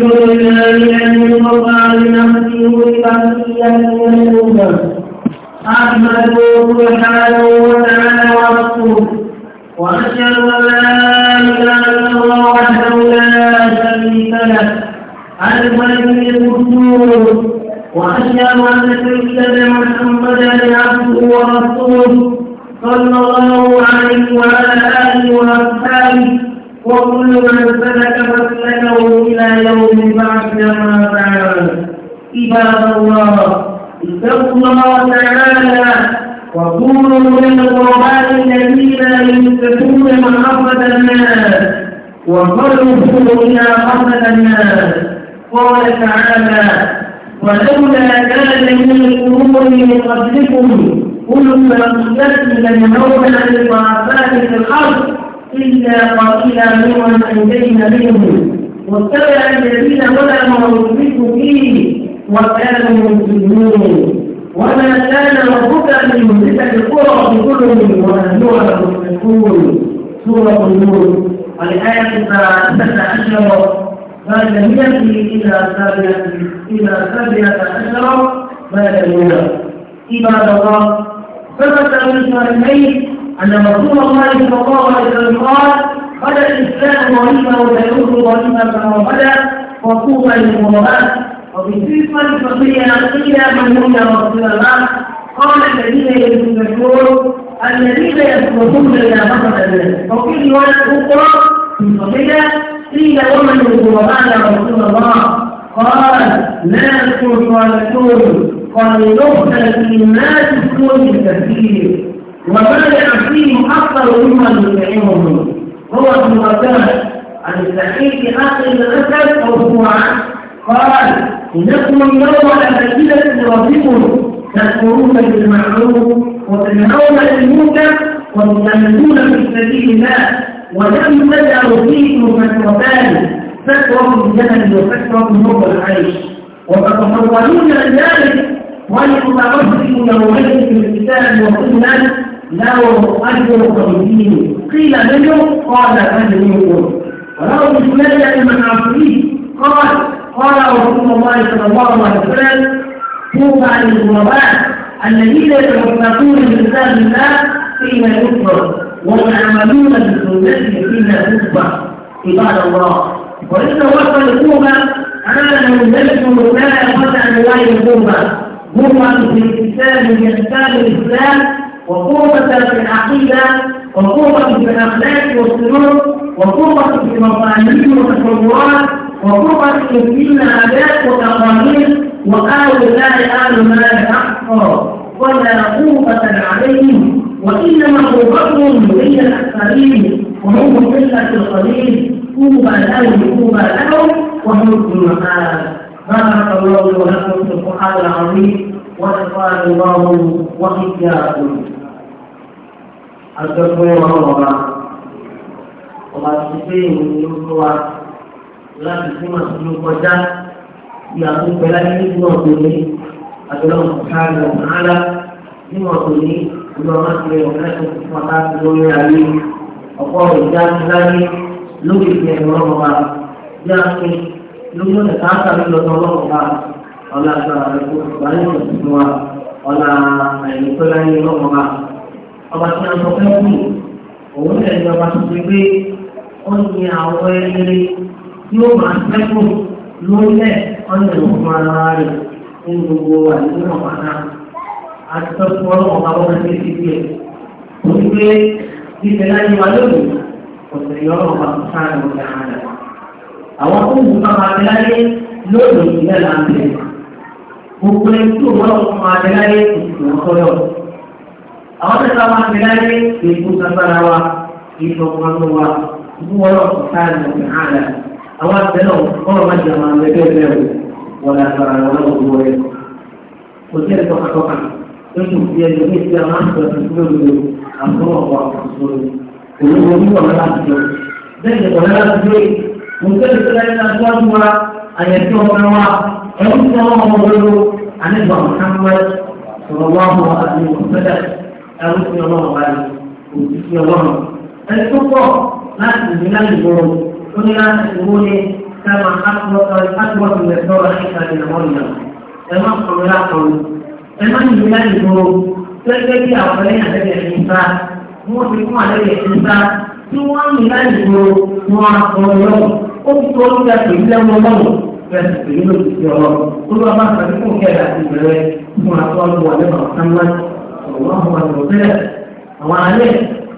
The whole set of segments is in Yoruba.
الحمد لله الذي وضع لنفسه بقضية الأمة أحمده سبحانه وتعالى ورسوله وأشهد أن لا إله وحده لا شريك له الملك القدوس وأشهد أن سيدنا محمدا عبده ورسوله صلى الله عليه وعلى آله وأصحابه وكل من سلك مسلكه إلى يوم البعث ما بعد عباد الله اتقوا الله تعالى وكونوا من القرآن الذين يمسكون محبة الناس وقربوا إلى محبة الناس قال تعالى ولولا كان من القرون من قبلكم كل من قتل لنهون عن المعافاة في الأرض إلا قليلا ممن أنجينا منهم واتبع الذين ظلموا يشركوا فيه وكانوا مسلمين وما كان ربك من مهلك القرى بظلم واهلها مشركون سورة النور الآية الثالثة عشر فالجميع إلى سابعة إلى سابعة عشر بعد مئة عباد الله ثبت من شهر أن رسول الله صلى الله عليه وسلم قال بدا الإسلام وإما وسيعود وإما كما بدا وطوبى للمرأة وفي صفة الفقيه قيل من هم يا رسول الله قال الذين يثبتون الذين يثبتون إلى مصر الناس وفي رواية أخرى في الفصيحة قيل ومن الظلماء يا رسول الله قال لا ناس صالحون قد يغفل في الناس من الكثير ومانع فيهم أكثر مما يمتنعهم هو ابن غسان عن الصحيح آخر الأسد أو الجمعة قال إنكم اليوم على أسئلة ربكم تأمرون بالمعروف وتنهون عن المنكر في سبيل الله ولم تجعلوا فيكم فترتان فتره الجهل وفتره نور العيش وتتفضلون عن ذلك ويتمرسل يومئذ الكتاب والسنة له أجر خريجين قيل منهم قال أجرهم وله بسنة من عصريه قال قال رسول الله صلى الله عليه وسلم عن للغرباء الذين يتوفقون بكتاب الله فيما يكبر ويعملون بسنته فيما يكبر عباد الله وإن وصل الكوبة من يجب لا أن رواية الكوبة هو في الإسلام يختار الإسلام وقوة في العقيدة وقوة في الأخلاق والسلوك وقوة في المصالح والتصورات وقوة في العادات والتقاليد وقالوا لا يعلم ما حقا ولا قوة عليهم وإنما قوتهم بين الأكثرين وهم قلة القليل طوبى لهم طوبى لهم وحسن المآل بارك الله لكم في القرآن العظيم ونفعني الله وإياكم adọ́gbọ́ ọlọ́wọ́ba ọba ti gbé ìwé ní orúkọ wa láti fún àtúntò kọjá bí àtúntò láti ní ìwọ̀n tó ní àdúrà káàdì ọ̀hánlá níwọ̀n tó ní ìwọ̀n máa ti rẹ̀ ọ̀gá tó fún ọ̀gá tó lórí ayé ọ̀pọ̀ ìjà ti láyé lórí ìfẹ́ ọlọ́wọ́ba bí a pè lórí ọ̀nà káàkà ní lọ́dọ̀ ọlọ́wọ́ba ọ̀la àgbà rẹ̀ kó ìgbàlẹ̀ ìfẹ́ wa ọ̀la àìlèkọ́lá ní ọlọ́wọ́ba ọba tí a sọ fẹ́ wù òun tẹ̀ ní ọba tó ti gbé ó ní àwọn ẹni yóò máa sẹ́kù lórílẹ̀ ọ̀nà ìwọ̀n ara rẹ̀ ní gbogbo àdúgbò náà pátá àti tọ́jú ọlọ́wọ́ bá wọ́n ti fi díẹ̀ òun gbé bíbẹ̀ láyé wa lónìí ọ̀sẹ̀ yọ̀rọ̀ bá tó sáré ọ̀gá ara àwọn tó wù ká máa tẹ́láyé lónìí ìlẹ̀ láǹtẹ̀ gbogbo ẹni tó wọ́n máa tẹ́láyé ìsìn ọ̀kọ́yọ̀ àwọn mẹ́ta máa fi láyé èkó sábàrà wa ìfọ̀kànlọ́ wa wúwọ́rọ̀ sáàlì ọ̀sẹ̀ àlà àwọn àtẹnà ọ̀rọ̀ má jẹ́ àwọn ẹgbẹ́ bẹ́ẹ̀ wọ̀ làbàrà wọn lọ́wọ́ rẹ̀ kò sí ẹ̀rí tọkàtọkà lójú ti ẹni ní ti àwọn àtúntò tó lò àbúrò ọ̀pọ̀ àkóso òwúwo wíwọ̀ láti jọ bẹ́ẹ̀ ni ọ̀rẹ́ láti gbé mo tẹ́lẹ̀ tẹ́lẹ̀ ní aṣáájú wa àyẹ̀tí ọmọ wa ẹ̀rú tí wọ́n mọ̀ wọ́n lò àníbà mọ̀ ẹrú sí ọlọ́run wáyé òtí sí ọlọ́run ẹni tó pọ̀ láti ìlú láti ìgboro ó ní láti ìwó ní káwọn akọ́tù rẹ̀ sọ̀rọ̀ àìsàn ìrànwọ́ ìyá ẹ má kọ̀wé lákọ̀wé ẹ má ìlú láti ìgboro gẹ́gẹ́ bí àwọn ẹ̀yìn àtẹ̀yẹ̀ ní ìta wọ́n ti fún àtẹ̀yẹ̀ ní ìta tí wọ́n ń láti ìgboro wọn àkọ́wé lọ́wọ́ ó ti tó oúnjẹ pẹ̀lú lẹ́wọ́ lọ́wọ́ fẹ́ẹ́ pẹ̀lú lóṣù tí ọlọ́run ó lọ́ọ́ bá ọlọ́run wa lọ bẹ́ẹ̀ àwọn alẹ́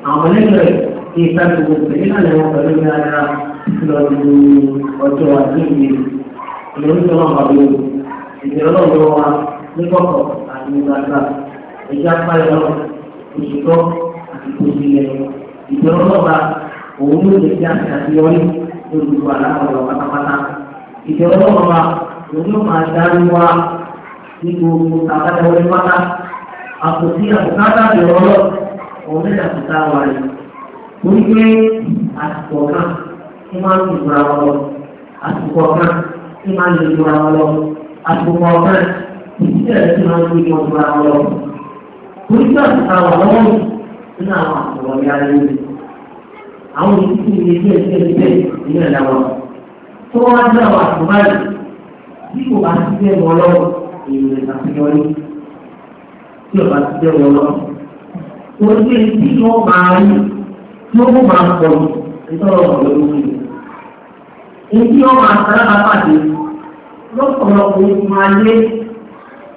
àwọn ẹlẹ́gbẹ̀ẹ́ kí ìta gbogbo pẹ̀lú àlẹ́ wọn pẹ̀lú ní ara lọ ní ọjọ́ àdéhùn ìlú tó wọn wà lóru ìdílé ọlọ́run wa ní kọ̀kọ̀ àti gbàgbà ẹ̀jẹ̀ apáyọ̀ òṣìkọ́ àti kòsìlẹ̀ ìdílé ọlọ́ba òun ló lè fi àṣàyọrí lórúkọ aláwọ̀ pátápátá ìdílé ọlọ́ba òun ló máa dárí wa ní gbogbo àbájáwọlé pátá àkòtí àbùkátà ìrọ̀ lọ òun ní àkùtà wà rẹ̀ torí pé àsìkò kan kí máa ń tìbúra wọn lọ àsìkò kan kí máa ń tìbúra wọn lọ àsìkò kan ìdílé tí máa ń gbé wọn búra wọn lọ torí pé àkùtà wà lọ́wọ́ yìí nínú àwọn àkùtà wà yára yìí àwọn ìdílé tí ilé tí ilé tí ilé ìlú ẹ̀dá wọn tó wá dé àwọn àkùtà yìí bí kò bá ti dé wọn lọ èèyàn ìtàkùn tí ọba ti jẹ́ wọn lọ. Wọ́n gbé tí wọ́n máa rí tí ó máa pọ̀ nítorí ọ̀rọ̀ lórí rẹ̀. Èyí wọ́n máa sára pàdé lọ́pọ̀lọpọ̀ máa lé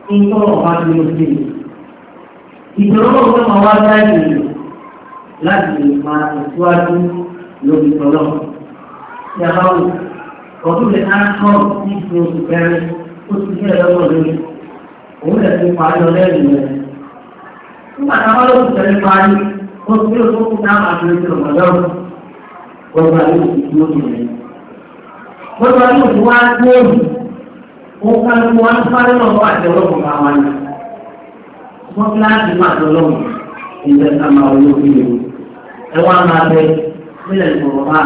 nítorí ọba ti lè ṣe. Ìjọba ọ̀gbọ́n máa wá láàyè láti lè máa tẹ̀síwájú lórí tọ́lọ́. Ìyàwó ọdún lè á kọ́ ní kẹrin ó ti jẹ́ ẹ̀rọ lórí nígbà táwọn olóògùn tẹ̀lé parí ó sì ó tó kú táwọn àgbẹ̀rẹ̀ ọ̀gbọ̀dọ̀ gbogbo ayé òkú tí ó yẹ gbogbo ayé òkú wá gbé òyìn ó ká ló wá ń parí náà wá àti ọlọ́gùn bá wá ní wọ́n kíláàsì máa tó lọ́wọ́ ìgbẹ́ ká máa wọlé òkú yìí ẹ wá máa bẹ nílẹ̀ ìgbọ̀rọ̀ bá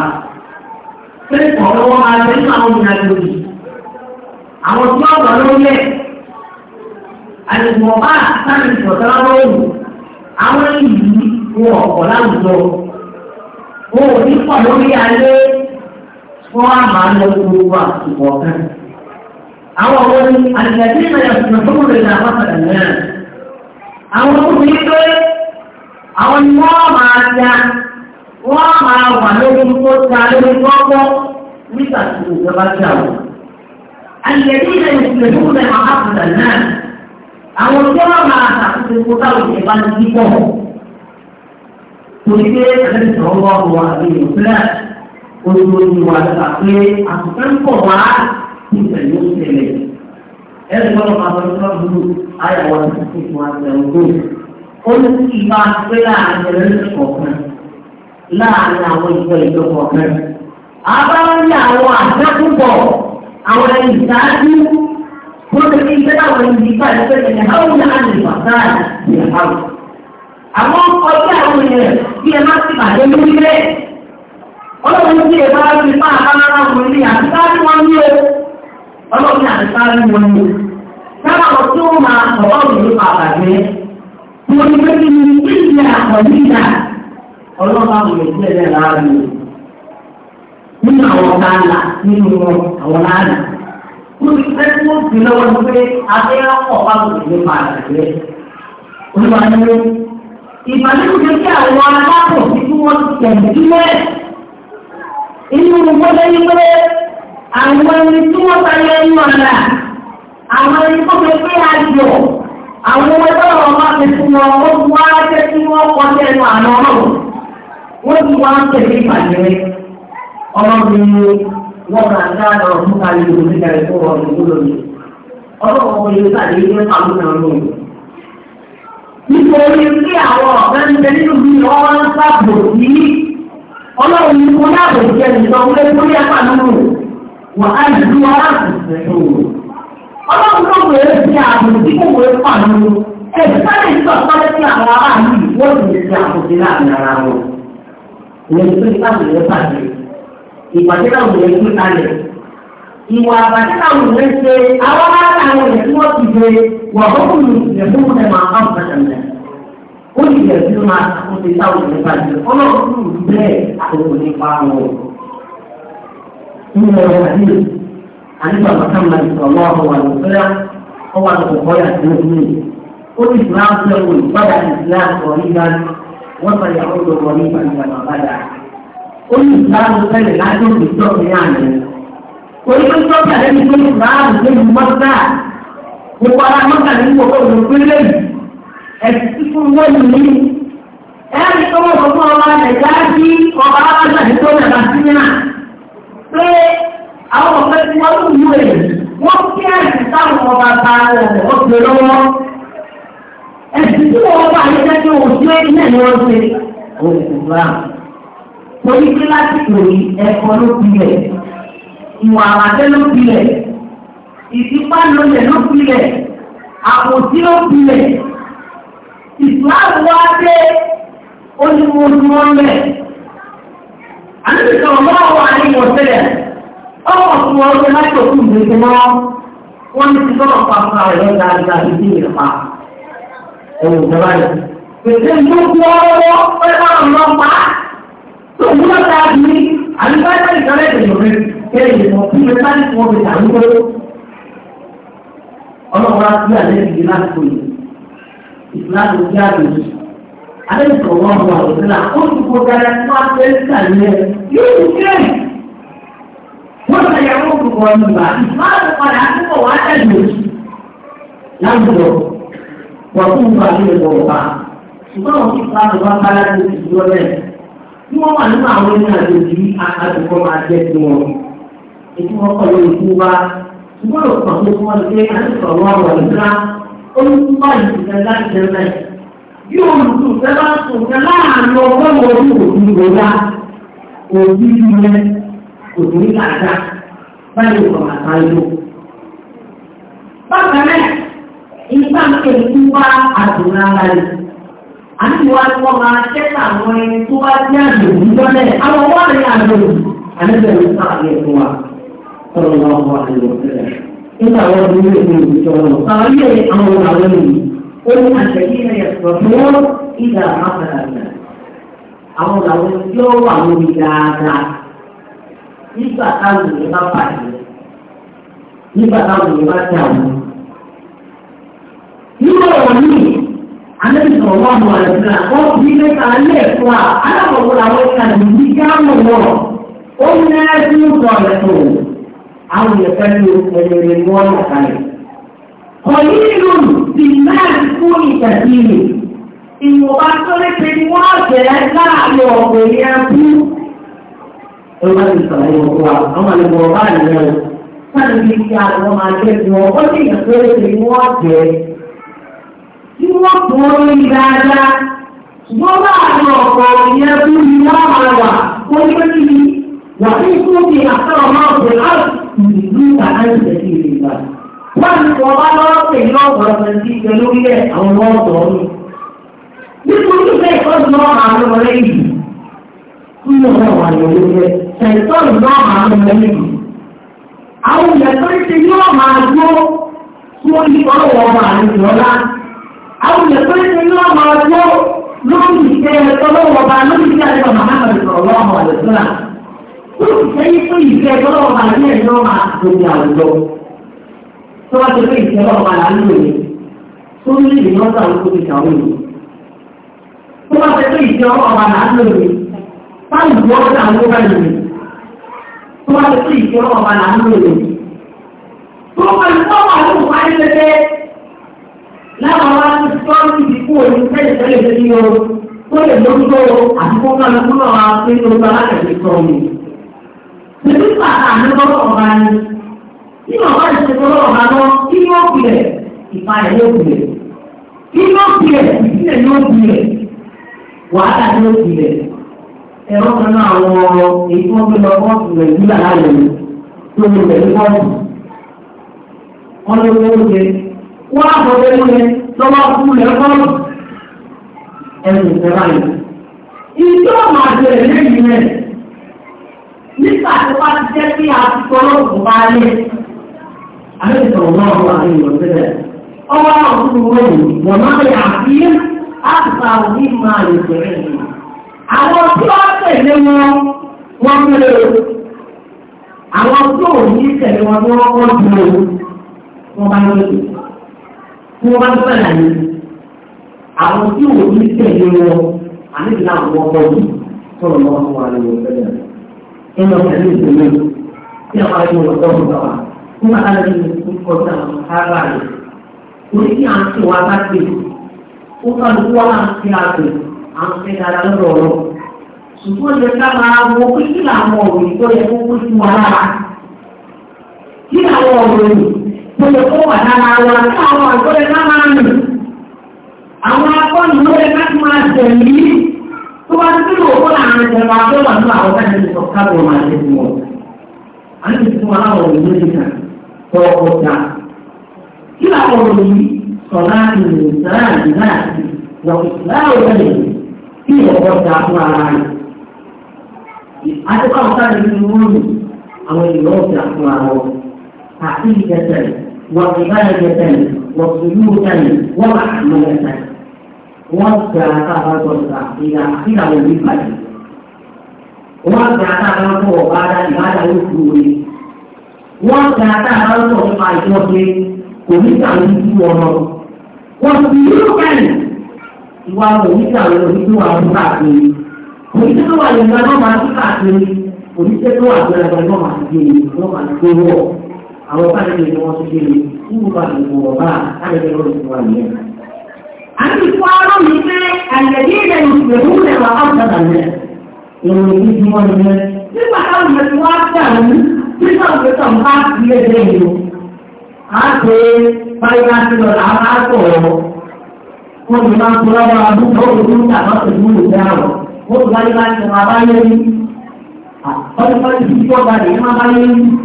pé ọ̀rọ̀ wọn máa bẹ nínú àwọn ìrìn àjò yìí àwọn tí wọ́n gbà lórí ẹ̀ àyẹ̀wò ọ̀bá sáà ní ìfọ̀tẹ́lá lọ́wọ́ àwọn ìlú wọn ọ̀pọ̀ láwùjọ wọn ò ní pọ̀ lórí alẹ́ wọn á máa lọ gbogbo àsìkò ọ̀kan. àwọn ọmọ ní àtìgbàdé náà yà fún ọmọ rẹ̀ náà wọ́n padà náà. àwọn ọmọ ní pé àwọn ni wọ́n máa ya wọ́n máa wà lórí tó ta lórí gbọ́gbọ́ nígbà tí ìjọba jà wọ́n. àtìgbàdé náà yà fún ọmọ rẹ̀ náà wọ́n padà náà àwọn tí wọ́n máa ṣàkóso epo táwọn ìyẹn bá ti pọ̀ torí pé ẹlẹ́sìn sọ̀rọ̀ wà wọ àbẹ̀yẹ̀ fúlẹ̀ ojú ojú wa pé àtúntò ń pọ̀ wá ní ìtẹ̀lé òṣèlè ẹ̀rí gbọ́dọ̀ máa sọ nípa dúró ayàwó àti ìfún àtẹ̀wò ó ní kí ìbá pé láàrin àwọn ìjọ ìjọ kọ̀ọ̀kan àbáwọn àwọn àjẹkùbọ̀ àwọn ẹni وتقيل بلا والانتفاع فتنهون عن الفساد في الارض àwọn ọjọ́ àwọn èèyàn bí ẹ má ti bàjẹ́ lórí rẹ̀ ọlọ́run tí ẹ bá ti máa bá wọn ní àtúntàrí wọn ní o ọlọ́run àtúntàrí wọn ní o sábà wọn tí ó máa sọ ọ̀rọ̀ nípa àbàjẹ́ tí wọ́n ti kí ni kí ni àkọ́lé ìjà ọlọ́run àwọn èèyàn tí ẹ̀rẹ́ láàrin nínú àwọn ọ̀gá ńlá nínú àwọn láàrin lórí pé wọ́n fi lọ́wọ́ ní pé abẹ́rẹ́ pọ̀ bá lòdì nípa àgbẹ̀. olùwàlúwẹ̀ ìbànújẹ́ kí àwọn aláàbò tí wọ́n ti tẹ̀lé sílẹ̀ inú gbọ́dọ̀ yí pé àwọn ẹni tí wọ́n ta yẹ ń lọ́la àwọn ẹni tó fẹ́ pé ayọ̀ àwọn ẹgbẹ́ ọ̀rọ̀ máa fi fún wọn ó ti wá jẹ́ kí wọ́n kọ́ sí ẹnu àná náà wọ́n ti wá tẹ̀lé ìbànújẹ́ ọmọbìnrin wọ́n máa dá lọ fún káyọ̀ ìlú nígbà ẹ̀kọ́ ọ̀rọ̀ ìwúlò mi. ọlọ́wọ́ mo yẹ sáà yìí ní pàmò náà lò. nítorí pé àwọn ọ̀gá ń bẹ nínú bí wọ́n ń sábò sí ọlọ́run ní mo dáàbò jẹ́ ìsọ̀kúlẹ̀ tó yẹ pàmò wà á ju aláàbòsẹ̀ ọlọ́run tó wẹ̀ é ti ààbò tí kò wẹ̀ pàmò ẹ̀sìtálẹ̀ ìjọ ìpàdé táwọn èèyàn gbé kalẹ̀ ìwà àbàdé táwọn èèyàn ṣe àwọn aráàlú àwọn èèyàn tí wọ́n ti gbé wà fọ́kùn ní ìyẹ̀fún ẹ̀ máa bá òkúta ṣàlẹ̀ ó sì yẹ kí ó máa ṣàkóso táwọn èèyàn bá jẹ ọlọ́run kúrò bẹ́ẹ̀ àtòkò nípa wọn. nínú ọ̀rọ̀ àdìyẹ àdìgbà màkàmà ìsọ̀lọ́ ọ̀wà lọ́sẹ̀rẹ̀ ọ̀wà lọ́kọ̀ọ́ yàtọ̀ ní ó ti fún àwọn ìgbàdà ìsìlẹ̀ àtọ̀ nígbà wọ́n sọ ó ní ìbámu fẹ́lẹ̀ láti òkè tó ní àná. Orí tó tọ́ tàbí ẹni tó ní báàmù tó ní mọ́tà. Gbogbo ara mọ́tà ní gbogbo olùgbélé yìí. Ẹ̀sìn fún wọ́n ní. Ẹ̀rí tó wọ́n fún ọba ẹ̀dá bí ọba aláṣà ní tó nàbà sí náà. Pé àwọn ọ̀fẹ́ tí wọ́n ń lu èyí, wọ́n kí ẹ̀sìn táwọn ọba bá ọ̀rọ̀ ọ̀gbẹ̀ lọ́wọ́. Ẹ̀sìn tí wọ́n torí pé lásìkò yìí ẹ̀kọ́ ló pilẹ̀ ìwà àbàtẹ́ ló pilẹ̀ ìfipá lóye ló pilẹ̀ àpòtí ló pilẹ̀ ìsìláàmù wá dé onímọ̀ọ́dúnmọ́ lẹ̀ àníbìkan ọmọ àwọn àníwọ̀ sẹ́lẹ̀ ọmọ tí wọ́n ṣe láti òkú ìgbésẹ̀ náà wọ́n ní ti tọ́lọ̀ pa fún àwọn ẹ̀rọ dáadáa ìdí ìrẹ̀pá ẹ̀wọ̀n ìjọba yìí pèsè ìlú kú ọ́rọ́ pẹ́ tó o múlá ta ní àlùfáàjà ìkàlẹ̀ ìdènà rẹ̀ kẹ́ ẹ̀yẹ̀ mọ̀ fún mi láti fún ọbẹ̀ tà lówó. ọlọ́run á sí àlẹ́ ìdílé láti kó yìí ìsìláàmù ti àgbèjì. alẹ́ ìsọ̀rọ̀ wọn wà lọ́sẹ̀ náà ó ti kó dára fún afẹ́ríkà yẹn yóò ti kẹ́ ẹ̀. wọ́n ti yà wọ́n kúkọ nígbà ìsìláàmù padà àtúkọ̀ wá tẹ̀lé láwùjọ wà fún ìgbà tí wọ́n wà nínú àwọn ẹni àjòjì àtàkùkọ máa jẹ́ sí wọn. Èyí wọ́n kọ̀ lórí ikú wa. Ṣùgbọ́n ló kàn fún wọn pé àtìkọ̀ wọn wọ̀ nígbà ó ń bá ìsìnkà láti jẹ́lẹ̀. Yóò lùtù fẹ́ bá sùn fẹ́ láàárín ọgbọ́n orí òbí ìrora. Òbí ilẹ̀ kò ní àdá báyìí kọ̀ màtá yó. Bákan náà, ìgbà ń pè fún wa àdùnnà ara rẹ̀ àníwá ni wọ́n máa tẹ́lẹ̀ àwọn ẹni tó bá jẹ́ àjòjì lọ́lẹ̀ àwọn wà ní àjòjì àníbẹ̀rẹ̀ sáàlẹ̀ fún wa sọ̀rọ̀ náà wà ní ọ̀sẹ̀ nígbà wọn ní ilé ìwé ìjọ wọn àwọn ilé àwọn àwọn ènìyàn ó ní àṣẹyí rẹ̀ sọ̀tún ìgbà àmàlàgbà àwọn làwọn yóò wà lórí dáadáa nígbà táwọn ènìyàn bá pàdé nígbà táwọn ènìyàn bá dà wọn. nígbà wọn ní Àlẹ́bí sọ̀rọ̀ wà mọ̀ àlẹ́ sílẹ̀. Wọ́n fi mẹ́ta alẹ́ ẹ̀kọ́ à. Alákọ̀ọ́kọ́ làwọn ẹ̀ka nìyí gáàmù wọ̀. Ó ní ẹ̀sí ń sọ ọ̀rẹ́ tó. Àwọn ìyẹ̀fẹ́ ní ẹ̀rẹ̀ ni wọ́n yà kalẹ̀. Kọ̀yí ìlú ti náà fún ìtàkì rẹ̀. Ìwọ̀nba tó lé pe ni wọ́n jẹ́ láàrin ọ̀gbìn ní abú. Ẹ má ti sọ̀rọ̀ ìwọ̀n fún wa, ọmọ ìwọ̀n bá nìyẹn. Sáà ní kí wọ́n tó lórí dáadáa ṣùgbọ́n láàrin ọ̀pọ̀ ìyẹn tó ní wọ́n máa wà ó ní pé kí wà ní kó fi àtọ́rọ̀ máa bẹ̀ láti ìlú àdáyẹ̀dẹ̀ sí ilé ìgbà. wọ́n ní wọ́n bá lọ́wọ́ pè ní ọ̀pọ̀lọpọ̀ sí ìgbẹ́ lórí ẹ̀ àwọn ọmọ ọ̀tọ̀ ọ̀nù. nítorí bẹ́ẹ̀ ìtọ́jú náà máa lọ lẹ́yìn nínú ọ̀rọ̀ wà lórí ẹ̀ ṣẹ̀tọ́jú náà máa lọ lẹ́yìn. àwọn ìyẹn tó yóò máa dúró fún ìfọwọ́ ọmọ àlejò ọlá àwọn ìpínlẹ̀ ní wọ́n máa wọ́ lórí ìṣe ọlọ́wọ́ba lórí ìṣe àti ọmọ Muhammad sọ̀rọ̀ ọmọ ọ̀dọ̀dúnrà tó ń lò ní tó ní ìlú ìlú ọ̀sán ló bá lò ní láwọn wá ní sọ́ọ̀tì ti kú òní tẹ́lẹ̀ tẹ́lẹ̀ tẹ́lẹ̀ yọ tó lè lóko àtúkò kan tó máa wá pé ní oṣù alákẹ̀lẹ̀ sọ mi. Bébí pàtà àdébọ́lọ́ ọ̀gá ni. Nínú ọ̀gá ìṣèkọ́lọ́ ọ̀gá lọ, kí ni ó pilẹ̀? Ìpalẹ̀ ló pilẹ̀. Kí ni ó pilẹ̀? Ìpínlẹ̀ ló pilẹ̀. Wàhálà ni ó pilẹ̀. Ẹ̀rọ kan náà wọ èyí wọ́n gbé lọ bọ́ọ̀sì rẹ̀ nígbà láàyè tó lè rẹ̀ ní bọ́ọ̀sì. Wọ́n lé owó oúnjẹ wọ́n á bọ̀ lẹ́nu rẹ̀ lọ́wọ́ kú lẹ́kọ́ọ̀lù ẹnu ìfẹ́ra yìí. Ìjọ máa bẹ̀rẹ̀ lẹ́yìn rẹ̀ nígbà tí wọ́n ti jẹ́ kí àtúntò ọlọ́run bá lé. Àlejò sọ̀rọ̀ náà wọ́n àti ìwọ̀n sílẹ̀. Ọwọ́ náà kú wọ́n yìí wọ́n máa lè àfi àtúntà òní máa lè bẹ̀rẹ̀ yìí. Àwọn tí wọ́n tẹ̀lé wọn wọ́n mẹ́lẹ̀ o. Àwọn tí òní tẹ̀lé wọn wọ́n wọ́n dúró. Wọ́n bá yẹ tí wọ́n bá ń sàn àyè àwọn tí ò ní tẹ̀lé wọn àníbi láwọn ọkọ yìí sọ̀rọ̀ lọ́wọ́ fún wa lọ́wọ́ fẹ́lẹ̀ ẹ̀yìn ọ̀sẹ̀ ní ìṣẹ̀lẹ̀ tí àwọn àjọ ọ̀dọ́ ń bá wa fún wa láti ní kọjá ara rẹ̀ orí kí à ń tẹ̀ wá bá tẹ̀ ó kà ló wá láti fi àgbẹ̀ à ń fẹ́ dára lọ́dọ̀ ọ̀rọ̀ ṣùgbọ́n yẹ ká máa wọ pé kí làwọn ọ̀rọ̀ ìgbọ́ yẹ kó kó sí wa lára kí làwọn ọ̀rọ̀ yìí tó lè kó wà lára wa káwọn àgbọ̀lẹ̀ náà máa nù. Àwọn akọ́ni ló lè ká máa tẹ̀lé tó bá ti kílò owó láàrin ìjọba tó wà ní àwọn ọ̀gá ìlú sọ káàbọ̀ máa ṣe fún wọn. A ní fún wọn láwọn òyìnbó ti kà tó ọjà. Kí làwọn òyìnbó sọ̀rọ̀ àti ìrìnsẹ̀rẹ̀ àti náà ti wọ̀ láwọn òyìnbó kí ìwọ̀kọ̀ ta fún ara rẹ̀. Àti káwọn sáré nínú wọn àwọn ìlú ọ̀gá fún ara wọn. Àti ìjẹsẹ̀rẹ̀ وعبادة وسلوكا ومعلومة والزكاة إلى إلى يوم القيامة والزكاة تنفع بعد بعد وصوله والزكاة تنفع مع الوصول oníta ojú ọ̀nà wọ́n ti yóò bẹ̀rẹ̀ ìwà oníta ojú àwọn káàkiri oníta tó wà lè gba náà máa ń káàkiri oníta tó wà lè gba náà máa ń gbé wọ́n máa ń gbé wọ́n àwọn báyìí ni wọ́n ti gbé nínú bá ìwò ọ̀bá àyẹ̀wò ìwà yẹn. a ti kó ara mi pé àyẹ̀dí ilẹ̀ ìgbèrú rẹ̀ wà á gbàgbà rẹ̀. ìròyìn yìí ti wọ́n yẹn. nígbà táwọn ìyẹn ti wá gbà mí nígbà tó tàn bá ilé ẹgbẹ́ yìí a ṣe báyìí bá lọ àwọn àgbọ̀ ọ̀rọ̀. wọ́n ti máa ń kó lọ́wọ́ àdúgbò òkú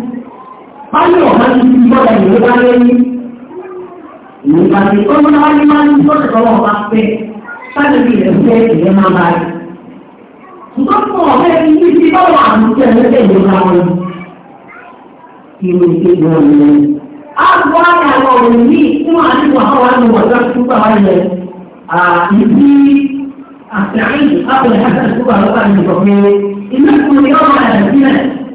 ti báyìí ọ̀gá ti fi bọ́ọ̀lù ìwé bá lẹ́yìn. Ìgbà tí ó ń wáyé máa ń bọ́ọ̀lù tọ́wọ́ bá fẹ́ sáré bí ilẹ̀ fẹ́ ìyẹn máa bá yìí. Ṣùgbọ́n fún ọ̀gá ẹni tí ti báwọn àmúṣe ẹlẹ́dẹ̀ ìwé bá wọn. Ìwé ti gbọ́ ilẹ̀. A gbọ́ àyà ọ̀rọ̀ yìí fún àdìgbò àwọn àdìgbò ọ̀gá ṣùgbọ́n àwọn ilẹ̀ ìdí àtàrí àpẹẹrẹ àtàrí ṣùgbọ́n àwọn àdìgbò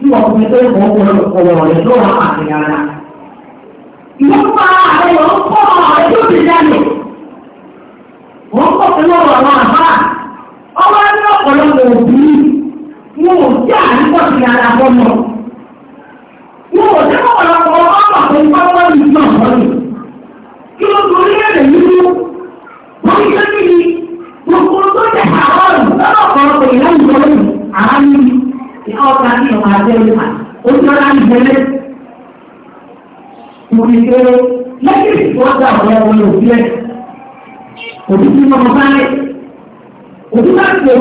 tí wọ́n fi pé wọ́n kọ́ ọ̀rọ̀ rẹ̀ tó ra àfihàn Ìwọ́n pa ààrẹ yọ̀ ń kọ́ ààrẹ tó ti dánù. Wọ́n kọ́ pẹ̀lú ọ̀rọ̀ àwọn àbá. Ọwọ́ ní ọ̀pọ̀lọpọ̀ òbí wọn ò jẹ́ àríkọ̀ sí ara fọ́nà. o lẹ́yìn tí àwọn ọmọ yòó sílẹ̀ òbí tó tó bá ọ̀rọ̀ tó ń bọ̀ lọ́wọ́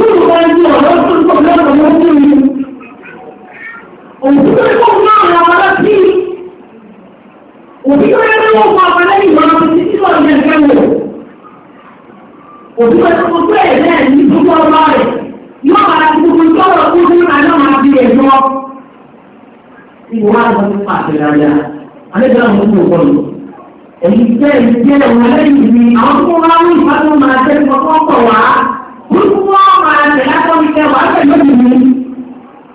òbí tó ń bọ̀ sí òbí tó ń bọ̀ ti ní wò òbí tó ń bọ̀ ní máa ti ìwọ wa lọ sí pàṣẹ dáadáa alẹ́jọ́ àwọn tó kọ̀ lọ. èyí jẹ́ èyí jẹ́ ọ̀wọ́ lẹ́yìn mi àwọn tó wá ní ìbátan máa tẹ́ ọkọ̀ pọ̀ wá kúrúkú wá máa tẹ̀ látọ́ni tẹ wá pẹ̀lú mi.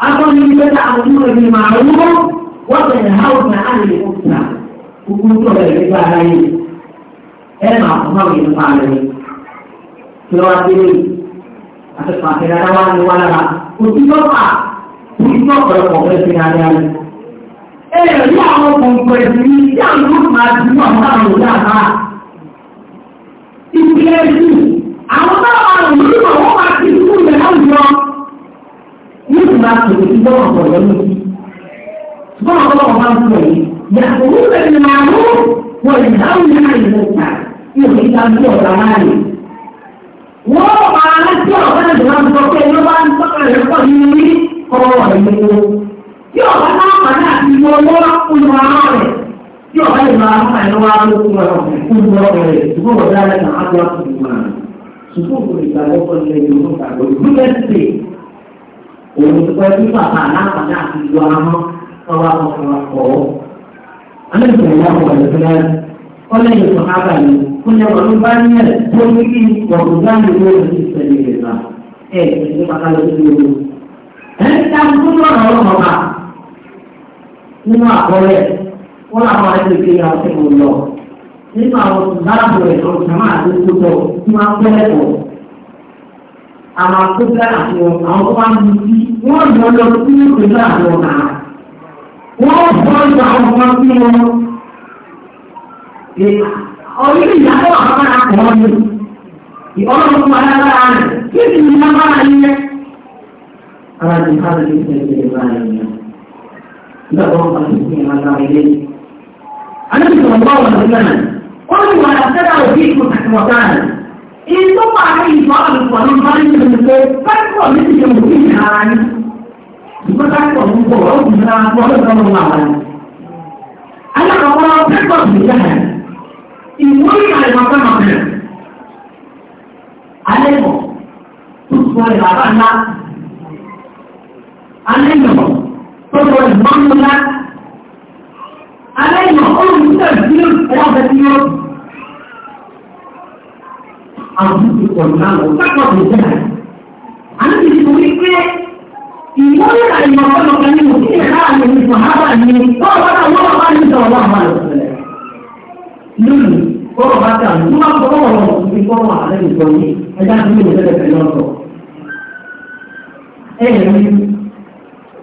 akọni ìgbẹ́ ta àwọn tó rẹ̀ máa wúwo wọ́n tẹ̀lé háwùn náà á lè kó ta kúkú tó rẹ̀ nípa ara yìí ẹ máa fọ́ máa yẹn pa rẹ̀ kí wọ́n á dé àti pàṣẹ dáadáa wá ní wá òtítọ́ pa èèyàn ní àwọn gbòǹgbò ìsinmi tí àwọn yóò máa ti mú àwọn àwọn dáadáa. Ìpìlẹ̀ ìsìn, àwọn bá wà lòun ní àwọn máa ti kú ilẹ̀ láwùjọ. Ní ìgbà tó ti gbọ́ ọ̀pọ̀ lọ́nà. Ṣùgbọ́n àwọn ọmọ máa ń sọ yìí, yàtọ̀ ní ìgbà tí màá mú wọ̀n ìdáhùn náà máa rè. Wọ́n ọ̀gá ìdùnnà sọ ló bá ń tọ́ka rẹ̀ pọ̀ nínú ọ̀rọ̀ ìlú tí ọ̀gá náà pàdé àti àti ìwọ rẹ̀ ṣùgbọ́n kò lè gbàgbọ́ pọ̀ ní ẹni ọdún tàbí ojú lẹ́sẹ̀ òun fún bàbá ló bá ní ẹ̀ tó ní kí ọ̀rọ̀ dáhùn ló ń ti sẹ́yìn rẹ̀ náà. Ẹ̀ ẹ̀ ní pàtàkì ló ń lò Ẹ̀ ń ta fún ọ̀rọ̀ ọ̀rọ̀ nínú àkọọ́lẹ̀ wọ́n làwọn àdúgbò yàwó tí mo lọ nínú àwọn ìbáàbò ẹ̀ lọ jàmá àdúgbò lọ tí wọ́n pẹ́ lẹ́kọ̀ọ́ àwọn akókò àti àwọn tó wá ní sí wọ́n lọ lọ sí ìpínlẹ̀ àwọn ọ̀nà wọ́n bọ́ ìgbà àwọn ọmọ sí wọn. ọ̀rẹ́ ìyàwó àwọn akọ̀ọ́ ni ìọ́nà tó wà lára rẹ̀ kí ni ìyàwó ara yẹ. ara لهم الحكم والعائلين النبي صلى الله عليه وسلم قل ولا تدعوا فيكم حكمتان إن تطع عليه صالح ومن ظالم من الكون فاكوا من جمهورين عن ثم فاكوا من قرون من أقوال الله عنه أنا أقول فاكوا من جهل إن وقع المقام منه عليكم تصبر على الله عليكم tó lọ ìgbọ́n ńlá. Aláìnà ọ̀rùn nígbà tí ó wà bẹ́ẹ̀ yọ. Àwọn ti pọ̀ ní àwọn sápọ̀ tó jẹ́ àná. Àná ti sọ wípé ìwọ́n àìmọ̀ ọ̀pọ̀lọpọ̀ nínú kí ẹ̀ka àmì ìfọ̀ hábà ní wọ́n bá wọ́n bá wọ́n ní ìjọba wà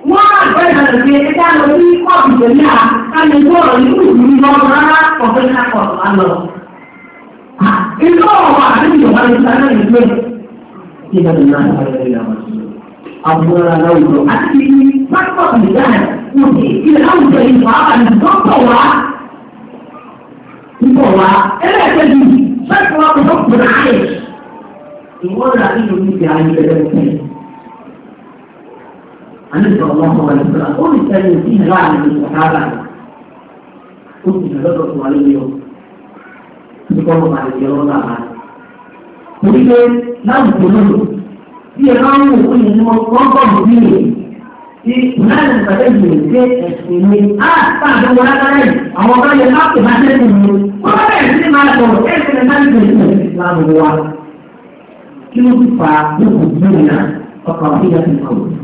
wọ́n á gbé ìbàdàn sí ẹgbẹ́ tá lọ sí kọ́ọ̀bù ìgbẹ́lẹ́ à káni tó ọ̀rọ̀ ní kùkù ní lọ́wọ́ rárá ọ̀gbẹ́ ká kọ̀ lọ. Ìlú ọ̀wọ̀ àdéhùn ìjọba ló ti sáré ìlú Kí ni ọdún náà ṣe fẹ́ àwùjọ aláwùjọ àti pápákọ̀ ìgbà òkè ilẹ̀ àwùjọ ìgbà àdìgbọ́pọ̀ wá. Ìgbọ̀ wá ẹlẹ́ẹ̀kẹ́jì fẹ́ẹ́ fọwọ́ pẹ̀lú ìwọ́n rà nínú ìgbà ayé ẹ̀rẹ́ النبي صلى الله عليه وسلم قل الثاني فيه لعنة من الصحابة كنت شهادة عليه اليوم تقوم على الجيران على ولكن لا تقولوا في رأي كل المطلوب فيه في هذا التدين في السنين أحسن ولا تري أو ما يلاقي هذا الدين وما يصير ما له كيف نتعلم من الإسلام هو كيف يفعل يقول لنا فقط هي في الأول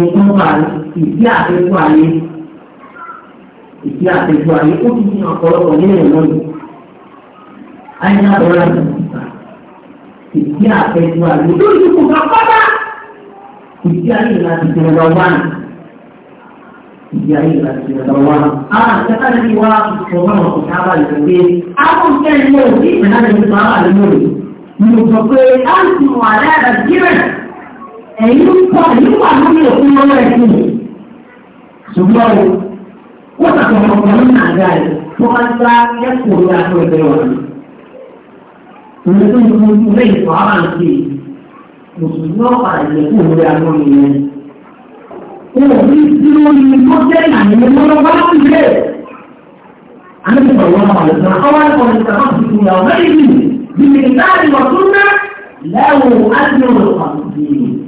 ẹ̀gbọ́n wa ìdí àtẹ̀kọ́ ayé ìdí àtẹ̀kọ́ ayé ó ti fi ọ̀pọ̀lọpọ̀ nínú ẹ̀rọ yìí. ayé àbọ̀rọ̀ àtẹ̀kọ́ ìdí àtẹ̀kọ́ ayé ó ti kò kà pátá ìdí ayé láti tẹ̀lé lọ wá ní. ìdí ayé láti tẹ̀lé lọ wá ní. àwọn àtẹ̀kọ́ ni wá ìṣòro náà kò sábà lè pé àwọn kẹ́ni yóò ní ìpínlẹ̀ ìgbà wà lórí. mo sọ pé láti mọ̀ àlẹ́ àdàgírẹ̀ ẹ̀yìn ń pa nípa lórí òkú lọ́wọ́ ẹ̀sìn ṣùgbọ́n wọ́n tàbí ọkùnrin náà ga ẹ̀ tó máa ń gbá ẹ̀kọ́ orí aṣọ ẹgbẹ́ wọn. Ìrètí ní mo ti lé ìfọ̀ àwọn àti mùsùlùmí ọ̀pá ìyẹ̀kú orí aṣọ ìyẹn. Wọ́n ò ní sí lórí tó jẹ́ ìlànà ìmọ̀lọ́ bá ti lé. Àmì ìgbàgbọ́ àwọn àlùfáà, àwọn ẹ̀kọ́ ìgbàgbọ́ ti fi hàn lẹ́yìn bí mi láàrin ọ̀tún náà lẹ́wọ̀n á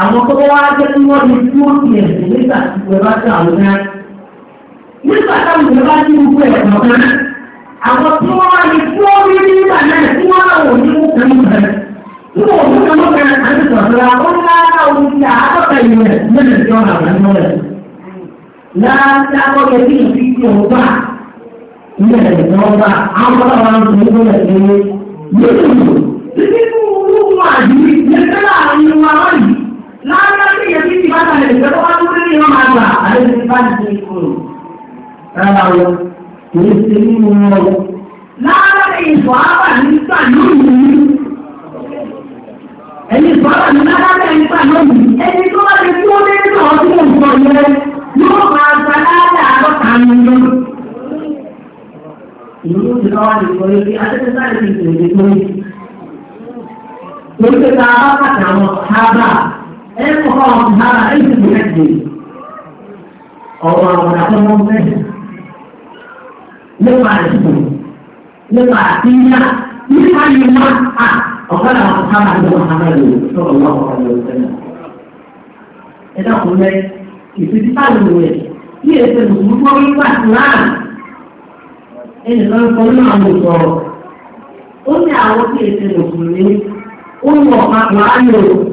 àwọn tó wá jẹ́ kí wọ́n lè dúró sí ẹ̀sìn nígbà tí wọ́n bá tẹ àwọn náà. nígbà táwọn ìjọba bá ti wú ẹ̀sìn kan àwọn tí wọ́n wá lè dúró rí nígbà náà tí wọ́n náà wò ní mú kan níbẹ̀. nígbà òun kan ló bẹ̀rẹ̀ àti sọ̀rọ̀ ó ní lára omi tí àádọ́ta ìrẹ̀ mẹ́rin tí àwọn ẹ̀mọ́ rẹ̀. lára tí a kọ́ yẹ kí n lára ti bá tàbí ìgbẹ́ tó bá tó ti bá ní lára sí ìgbà bá ti kú ní bá ẹ̀kọ́ ọ̀hánà ẹ̀sìn mẹ́jì ọ̀rọ̀ àwọn àtọ́mọ́ mẹ́jì nípa ẹ̀sìn nípa àtìyá nípa ìmá à ọ̀kadà ọ̀kadà ní ọ̀hánà lò sọ̀rọ̀ lọ́wọ́ ọ̀rọ̀ ìṣẹ̀lẹ̀. ẹ dákun lẹ ìfìdí táwọn ìwẹ̀ kí èsè mùsùlùmí kọ́ nípa ìlànà ẹnì kan sọ nínú àwọn ìsọ̀rọ̀ ó ní àwọn kí èsè mùsùlùmí ó ń wọ̀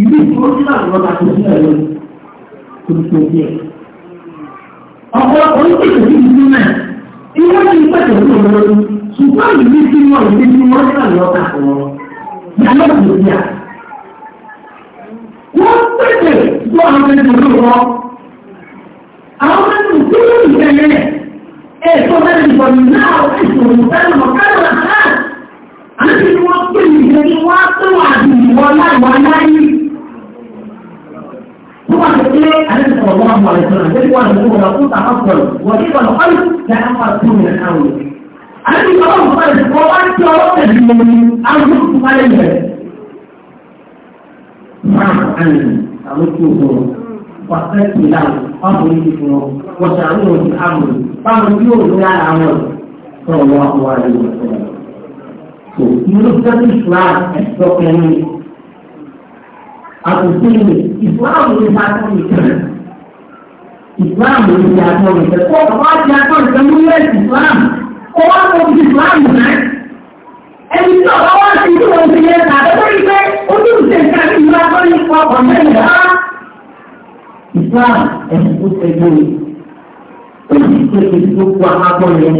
ìlú ìfúnná lọ́nà tó sí ẹ̀rọ tó tó díẹ̀. ọ̀pọ̀lọpọ̀ ń pèsè sí ìlú náà ti pèsè sí ìlú lórí ṣùgbọ́n ìlú tí wọ́n ìlú tí wọ́n ní àlọ́ wọ́n pèsè sí ẹni tó tó lọ́ ní ìṣẹ́ni wọ́n tó láyé. ثم الاثنين أن صلى الله عليه وسلم يقول أنه لو كنت أفضل وكيف القلب لأفضل من الأول الذي قرأه قال القرآن ترى من أنفسكم عليه معه أن أمسكه وأستكفي له أمره وشعوره في الأمر فمن يؤمن على الأمر صلى الله عليه وسلم. Ini sudah Islam, esok ini àtúntìlẹ ìsìláàmù ní sàtọ́ nìkan ìsìláàmù ní sàtọ́ nìkan kó ọ̀wá ti àtọ́ nìkan ní ilé ìsìláàmù kó wá kó ti ìsìláàmù náà ẹni tí ọ̀gá wá sí tí wọ́n ti yẹ ká lọ́wọ́ yìí pé ó ní ìṣe nǹkan ní ìlú àtọ́ ní ìfọ̀ ọ̀gbẹ́ ìlú á ẹ̀sìn tó ṣe lóye ó sì ṣe ètò gbogbo àwọn abọ́ yẹn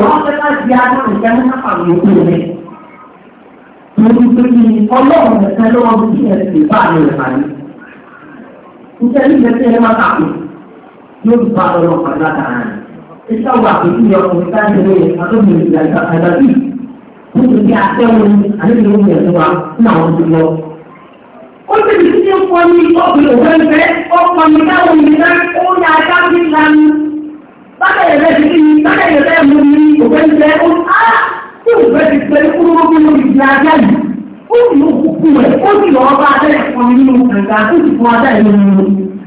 wá fẹ́ láti mo ti ọlọ́run ẹ̀ka lọ́wọ́ bí kí ti bá rẹ̀ báyìí. Iṣẹ́ ní ìgbésẹ̀ ẹ máa kàkó yóò fi bá ọlọ́run pàdé àtàrà rẹ̀. Iṣẹ́ wà pé kí ọkùnrin ká ṣe lóye àtọ́jú ìgbà ìgbà bí. Mo ti di àtẹ́wọ̀n àlejò ìwé ẹ̀sùn wa fún àwọn tó lọ. Ó ti di títí fọ ní ọkùnrin òwe ń mi káwọn mi ó ní ìfẹ́ ti pẹ́ kúrò nínú ìdí ajá yìí ó sì ló kúkú rẹ̀ ó sì lọ́ọ́ bá abẹ́ ẹ̀kọ́ nínú kànga tó sì fún ajá yìí nínú.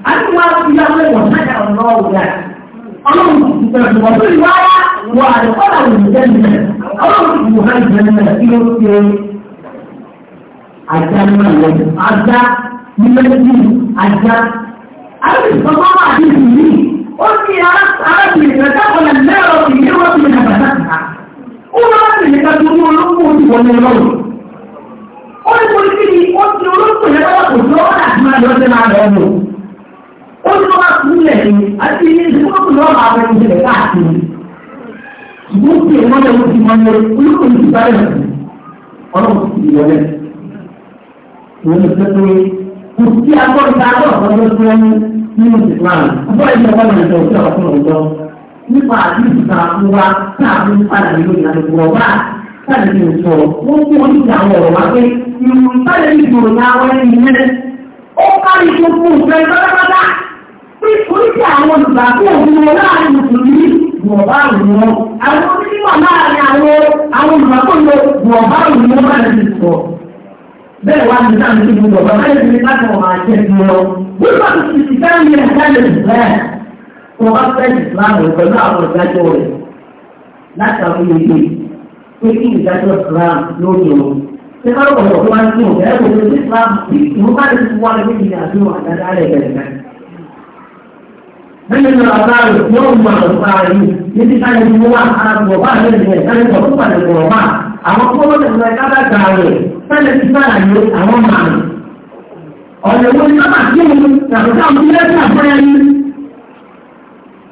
a ti wá sí yàwó ẹ̀wọ̀n sájà ọ̀nà ọ̀gá ọlọ́run kò sí pẹ̀lú wọn tó ìwá wà àdókòlà òyìnbẹ́ mi ọlọ́run kò wá ìbẹ̀rẹ̀ rẹ̀ kí ló ṣe ajá náà lọ ajá nílé bí ajá. a lè sọ fún àwọn àdéhùn yìí ó sì arábìnrin rẹ̀ sábọ̀lẹ̀ mẹ́rọ̀ ìyẹ́wọ́ ó máa ń tẹ̀lé kájú ní olóko oṣù wọlé lọ́rùn. ó ní mo ti ní ó ti olóko yẹn lọ́wọ́ kò tó ọ́nà àti máa lọ sí máa lọ mọ̀. ó ní wọ́n máa kúnlẹ̀ ní àti ní ìdókòwò náà máa bẹ̀rù ìṣẹ̀lẹ̀ káàkiri. ṣùgbọ́n kí ẹ̀wọ́n lọ sí wọn lé olóko yìí ti báyọ̀ sí ọlọ́run ti wọlé. ìwọ́n ti sẹ́ pé kò sí agbọ́n ìta agbọ́n ọ̀pọ̀lọpọ̀ nínú ìsìlámù nípa àdúgbò tààmú wa tààmú padà nínú ìlànà ìwọ̀ wá sáàdì ní ìsọ̀ wọ́n fún wọn nígbà àwọn ọ̀rọ̀ wá pé ìlú sáàdì ní ìgbòho ní àwọn ẹni ilé ó kárí gbogbo ìfẹ́ pátápátá pé oríṣi àwọn olùgbàgbọ́ òun wọn láàrin mùsùlùmí wọ̀ bá òun wọn àwọn onímọ̀ láàrin àwọn àwọn olùgbàgbọ́ lọ wọ̀ bá òun wọn bá lẹ́yìn ìsọ̀ bẹ́ẹ̀ wá ní sáàdì ní ìgbòho bàbá tó bá fẹ́ ìsìláàmù pẹ̀lú àwọn ìdájọ́ rẹ̀ látàrí ìwé pé kí ìdájọ́ ìsìláàmù lórí òun. ṣé ká lọ́wọ́ ọ̀dọ́ wá sí òun ẹ̀rọ ìwé ìsìláàmù sí ìwọ́n bá lè fi wá lórí ìrìn àjò àdáda rẹ̀ bẹ̀rẹ̀ bẹ̀rẹ̀. Nínú ọ̀gá rẹ̀ yóò mọ ọ̀gá rẹ̀ yìí ní ká lè mú wá àgbọ̀bá rẹ̀ rẹ̀ ká lè sọ fún pàdé gbọ̀bá. Àwọn tó lọ́dẹ̀ lọ ẹ̀ká bá gbà rẹ̀ fẹ́lẹ̀ ti sára ní àwọn màmì. Ọ̀nà ìwé ni bá bàtí òun tàbí káwọn ilé ẹ̀sìn àbúrẹ́ yìí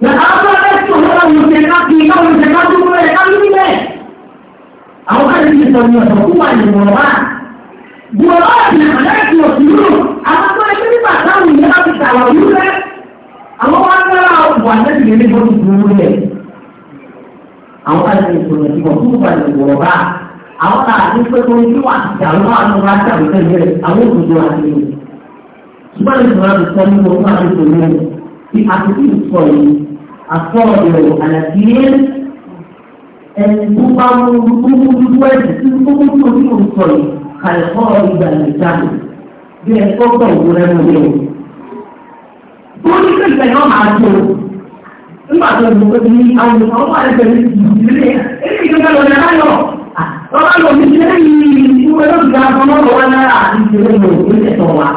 Dan apa itu orang mencetak di kau mencetak itu mulai kami ini. Aku kan ini soalnya berkuah di mulai. Dua orang yang ada itu dulu. Apa tuh itu di pasar ini tapi kalau dulu Aku kan kalau buatnya di sini baru dulu deh. Aku kan ini soalnya berkuah di mulai. Aku tak ada itu itu wajah lupa merasa bisa jadi. orang bisa mengurangkan itu. Di hati itu soalnya àtọ́ọ̀dọ̀ àlàdíyé ẹni tó bá mú gbogbo gbogbo ẹ̀sìn tí gbogbo tó ní òǹkọ̀ yìí kàlẹ́kọ́ ìgbà ìjà bí ẹ̀kọ́ gbọ̀ ìwúrẹ́ mú yẹ. Wọ́n ní kí ìgbà yóò máa tó nígbà tó ń gbogbo ní àwọn ọmọ ẹgbẹ́ mi ti ìdílé ẹni ìjọba lọ ní aláyọ̀. Bàbá lọ mi ṣe lẹ́yìn ìwé lọ́gbà ọmọ ọ̀wá náírà ìṣẹ̀lẹ̀ lọ ìṣẹ̀tọ̀ wa.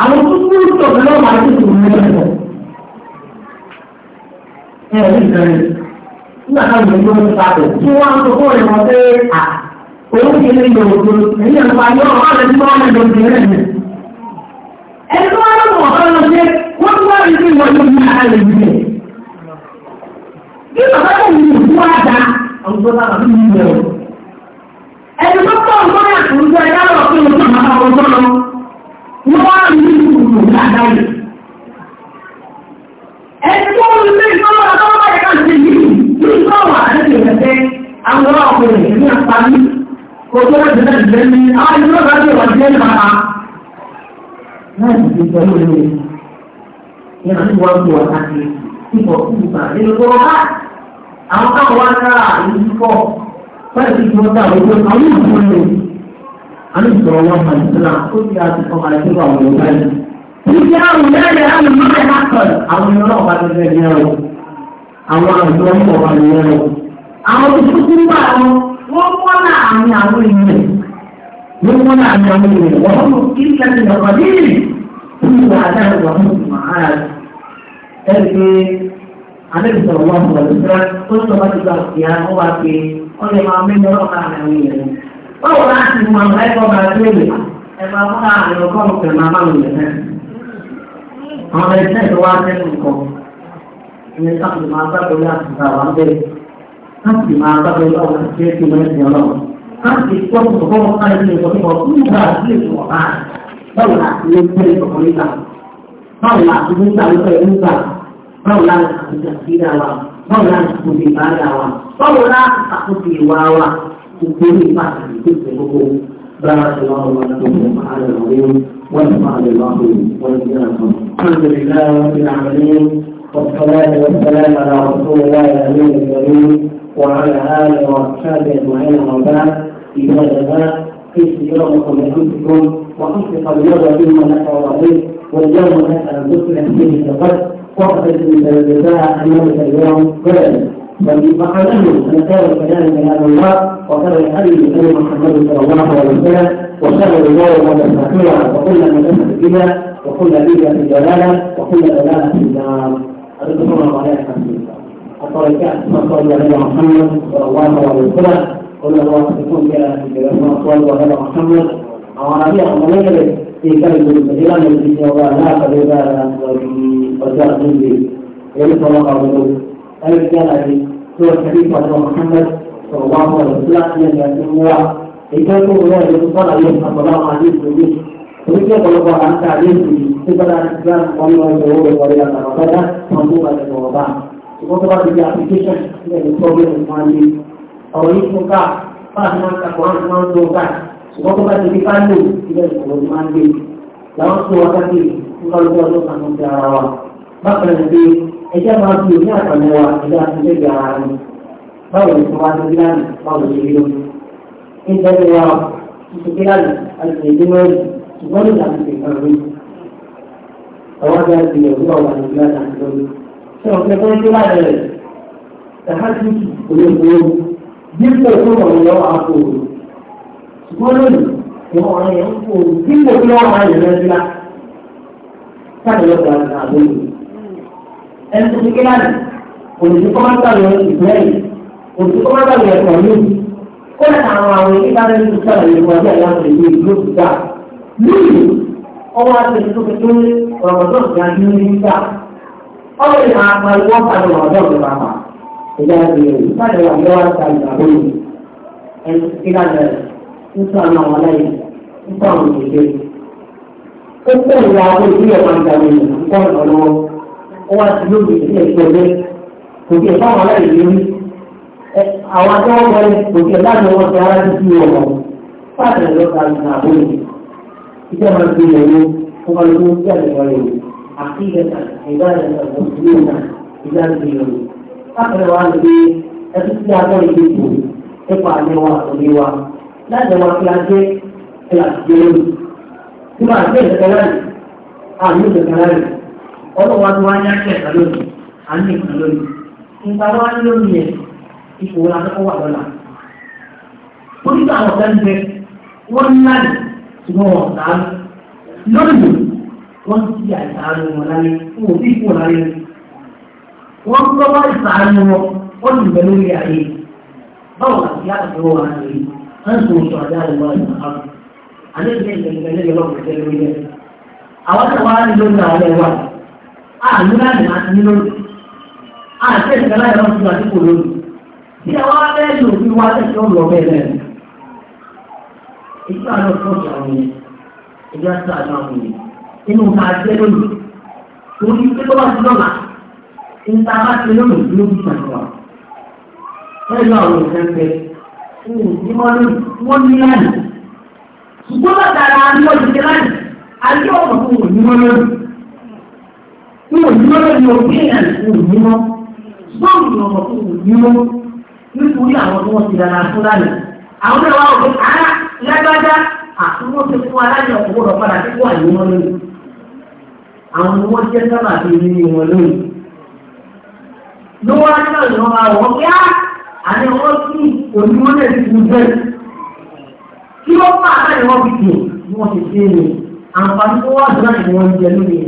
Àwọn tó kúrò tó lọ́wọ́ àti ìṣòro ẹ̀rí ìdánilẹ̀ nígbà táwọn ìlú ń pa pọ̀ tí wọ́n á kókó rẹ̀ wọ́n pé à òun kì í lè yọ òdo èyí ẹ̀ yọ ọ̀rọ̀ rẹ̀ nígbà wọn lọ rẹ̀ ẹni tó wá lọ́wọ́ ọ̀rọ̀ lọ sí wọ́n tún wá rí sí ìwọ̀n yóò ní ara rẹ̀ nìyẹn. bí bàbá tó wù ú wá dá ọ̀gbọ́n bá wà nínú ìlú rẹ̀. ẹni tó tọ́ ọ̀gbọ́n yà kò ń ẹni tó ń ní ìtọ́wọ̀ ní kò tó lè tẹ̀lé ìgbẹ́ ní àwọn ìdúró bá ti wà sí ẹ̀ka náà ti pẹ̀lú ìlú ní àdúgbò tó wà láti ìfọ̀ ìgbà nínú tó wá àwọn káwọn wá sára ìlú pọ̀ pẹ̀lú ìdúró tá àwọn ìdúró Níbi àwọn mẹ́rin láti mú ẹ̀ lákọ̀ àwọn ìran ọ̀bá ti fẹ́ ní ẹ̀rọ. Àwọn àjọ ń bọ̀ wá ní ẹ̀rọ. Àwọn ìṣúkú wà wọn, wọ́n kọ́ láàrin àwọn ènìyàn. Wọ́n kọ́ láàrin àwọn ènìyàn. Wọ́n mú kí ní ẹni lọ́kọ̀ nílì. Wọ́n wà láàrin àwọn ọmọ ẹ̀ pé àlejò sọ̀rọ̀ wọn sọ̀rọ̀ lọ́sọ̀rọ̀ tó ń sọ̀rọ̀ ti gba ìyá wọn wá pé wọ́n lè máa mẹ́jọ lọ́kọ̀ àwọn ènìyàn. Báwo láti mọ àwọn ẹ̀kọ́ bá tó lè ẹ̀ àwọn ẹgbẹ́ tó wá sẹ́nu nǹkan ẹni sáàpì máa gbàgbọ́ láti ta wà bẹ́ẹ̀ sáàpì máa gbàgbọ́ lọ́wọ́ àti ẹ̀kí mẹ́rin ọlọ́run sáàpì tó kò kọ́ wọn káyọ̀ ní ìfọ̀ nípa fún ìgbà àti ètò ọ̀há báwo la ti lè gbé ìfọ̀kọ̀ níta báwo la ti níta lọ́pẹ́ níta báwo la ti ti wa báwo la ti kò ìbára wa báwo la ti kò ìwà wa gbogbo ìpàdé gbogbo بارك الله لكم في القرآن العظيم ونفعنا بالله وإياكم الحمد لله رب العالمين والصلاة والسلام على رسول الله الأمين الكريم وعلى آله وأصحابه أجمعين وبعد إذا جاء في يومكم لأنفسكم وأنفق اليوم فيما نفع العظيم واليوم نسأل أن تصلح فيه القلب وقت الجزاء أن اليوم غدا بل لهم أن كان الكلام كلام الله وكان الحديث كلام محمد صلى الله عليه وسلم وشهد الله وتسمعها وكل من يسمع بها وكل بها في الدلالة وكل دلالة في النار. هذا كفر الله عليه الطريقات فصل على محمد صلى الله عليه وسلم قل الله تكون بها في الجنة صلى على محمد أو نبي أو ملك في كلمة الجيران التي لا قبل وجاء من به. يلي الله ẹlẹ́gbẹ̀rẹ́ rẹ̀ tí wọ́n ti rí pàtó Muhammad sọ̀rọ̀ wá pọ̀ lọ́sílá ní ẹ̀yà tí ó wà. Ìjọ tó wọ́n yẹ kó sọ̀rọ̀ yẹ àbọ̀lá wọn àdé ìdòwé. Oríṣi ọ̀pọ̀lọpọ̀ à ń ta àdé ìdòwé tí bá dáa ti dáa wọn lọ ìwé owó ìwọlé àtàwọn wọn tó bá tẹ̀wọ̀ bá. Ṣùgbọ́n tó bá ti di application ní ẹ̀yìn problem wọn lé. Ọ̀rọ̀ yìí fún ká fáàtì máa ń ta kọ̀ọ̀rọ̀ tí wọ́n ń tó ká. Ṣùgbọ́n tó bá ti di fáìlì ilé ìṣòro tí wọ́n ń gbé. Làwọn tó wá káàkiri ń bá lọ́jọ́ ọjọ́ kan tó ń tẹ ara wa. Bákan náà ẹjẹ́ máa fi òní àtàwọn wa ẹ̀dá àtúnṣe gba ara ni báwo ni wọ́n ti gbá ní báwo ni rí lómi. nítorí wa tuntun kí àti èdè mẹ́rin ṣùgbọ́n nígbà tó ti kàn mí. ọwọ́ bí a ti lè wúwà wà ní ìlú àti ṣé o fẹ́ kọ́ ní rẹ̀ ṣàkàtì òyìnbó dípò tó wọ̀ ní lọ́wọ́ àpò ṣùgbọ́n lónìí ìwọ̀n ọ̀rẹ́ yẹn ń kó dípò tó wọ̀ ẹni tó ti ké lánàá òtún kọ́mọ́tà lọ ìgbẹ́ yìí òtún kọ́mọ́tà lọ ẹ̀kọ́ yìí kó lẹ́ka àwọn àwọn ìdíkàlẹ́ ní sọ̀rọ̀ ìwọ ọjọ́ ìyá ọ̀sẹ̀ yìí ló ti gbà lóyè ọwọ́ àti ìdókè tó ní ọ̀rọ̀dọ̀ ìgbà ní ní gbà ọ̀rọ̀ ìhà àpá ìwọ́ pàdé ọ̀rọ̀dọ̀ ìgbà pa ìyá ìgbà ìpàdé ọ̀rọ̀ àti ìgbàgbọ́ yìí ẹni tó ké lánàá ń sọ àwọn àwọn àwọn òṣèlú ó kó àwọn ìdílé ọ̀pá ìgbà ó wá sí lórí ìdílé ìṣòro kò kí ẹ fáwọn aláìlú rí àwọn akẹ́wọ́n wọlé kò kí ẹ láti ọwọ́ ti ara ti fi ọmọ fáàtì ẹ̀ lọ́ta ìgbà àbúrò ìjọba máa ń gbé yẹn ló kó máa ń gbé ojú àlẹ́ wọlé o àti ìgbẹ́ta ìgbà rẹ̀ lọ sí ìlú náà ìgbà rẹ̀ lọ sí fáàtì wa ń gbé ẹtú sí abọ́ ìdìbò nípa àlẹ́ wa òní wa ọlọ́wọ́ tó wá ní àṣẹ ẹ̀ka lónìí à ń ní ìkan lónìí nípa wá ní lónìí ẹ̀ ipò wọn akẹ́kọ̀ọ́ wà lọ́la. ó ní àwọn ọ̀gá ń bẹ wọ́n ní láàyè ṣùgbọ́n wọn ọ̀tá lónìí wọ́n ti àìsàánú wọn láyé fún òbí ìfún láyé wọ́n tó wá ìsàánú wọn ó lù bẹ lórí ayé báwo àti àtúntò wọn á lè sọ oṣù àdá ìwà ìgbà kan àlejò ìgbẹ̀lẹ́gbẹ̀lẹ́ lọ́wọ́ ìgbẹ̀lẹ́gbẹ̀lẹ́ àwọn tó wá ní lónìí àwọn ẹ̀wà àmì láti máa ti ní lónìí àti ẹ̀sìn kan láti máa ti gbàdí kò lónìí bí àwọn abẹ́rẹ́ lò fi wá tẹ̀sí ọ̀rọ̀ ọ̀bẹ rẹ̀ ìgbà náà fọ́ọ̀tì àwọn yẹn ìgbà tó àjọ àwọn yẹn inú ká jẹ́ lónìí torí pé tó bá ti lọ́la níta bá ti lónìí ló ń tàn wá ẹ̀rọ àwọn ìfẹ́ fẹ́ wọ́n ní láàyè ṣùgbọ́n bàtà ara wọn wò ní wọn lórí òkèèyàn wò ní wọn bọ́ọ̀lù ọmọ tó wò ní wọn nítorí àwọn tó wọ́n ti dára fún lálẹ́ àwọn náà wà wọ́n pé ara lágbájá àtúwọ́n ti fún alájọ òwúrọ̀ padà tí wọ́n àyè wọn lónìí àwọn ni wọ́n jẹ́ sábà bí nínú wọn lónìí lówó alájọ ìwọ̀n máa wọ́n á àti wọ́n tún onímọ̀ náà ti fún bẹ́ẹ̀ kí wọ́n fún àbáyé wọn fi dùn bí ti dé ní àǹfààní tó wà lọ́nà ìwọ̀n jẹ lónìí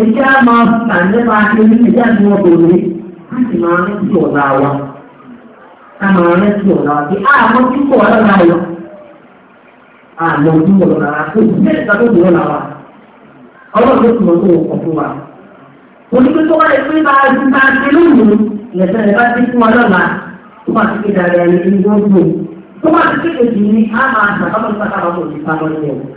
ẹjẹ́ á máa bà nípa ẹni ẹjẹ́ àti wọn bò lórí láti máa rántí ọ̀la wa ká máa rántí ọ̀la wa pé á mọ kíkọ̀ ọ̀la wa á mọ kíkọ̀ ọ̀la wa kò sí ẹ̀ka tó dùn ọ̀la wa ọlọ́run tó mọ̀ tó wọ̀ fún wa. onígbé tó wáyé pé bá a ti máa ṣe lónìí ìyẹ̀fẹ́ rẹ̀ bá ti fún wa lọ́la tó máa ti kéde ara ẹni ní gbogbo tó máa ti kéde jù ní á máa ṣàbámọ̀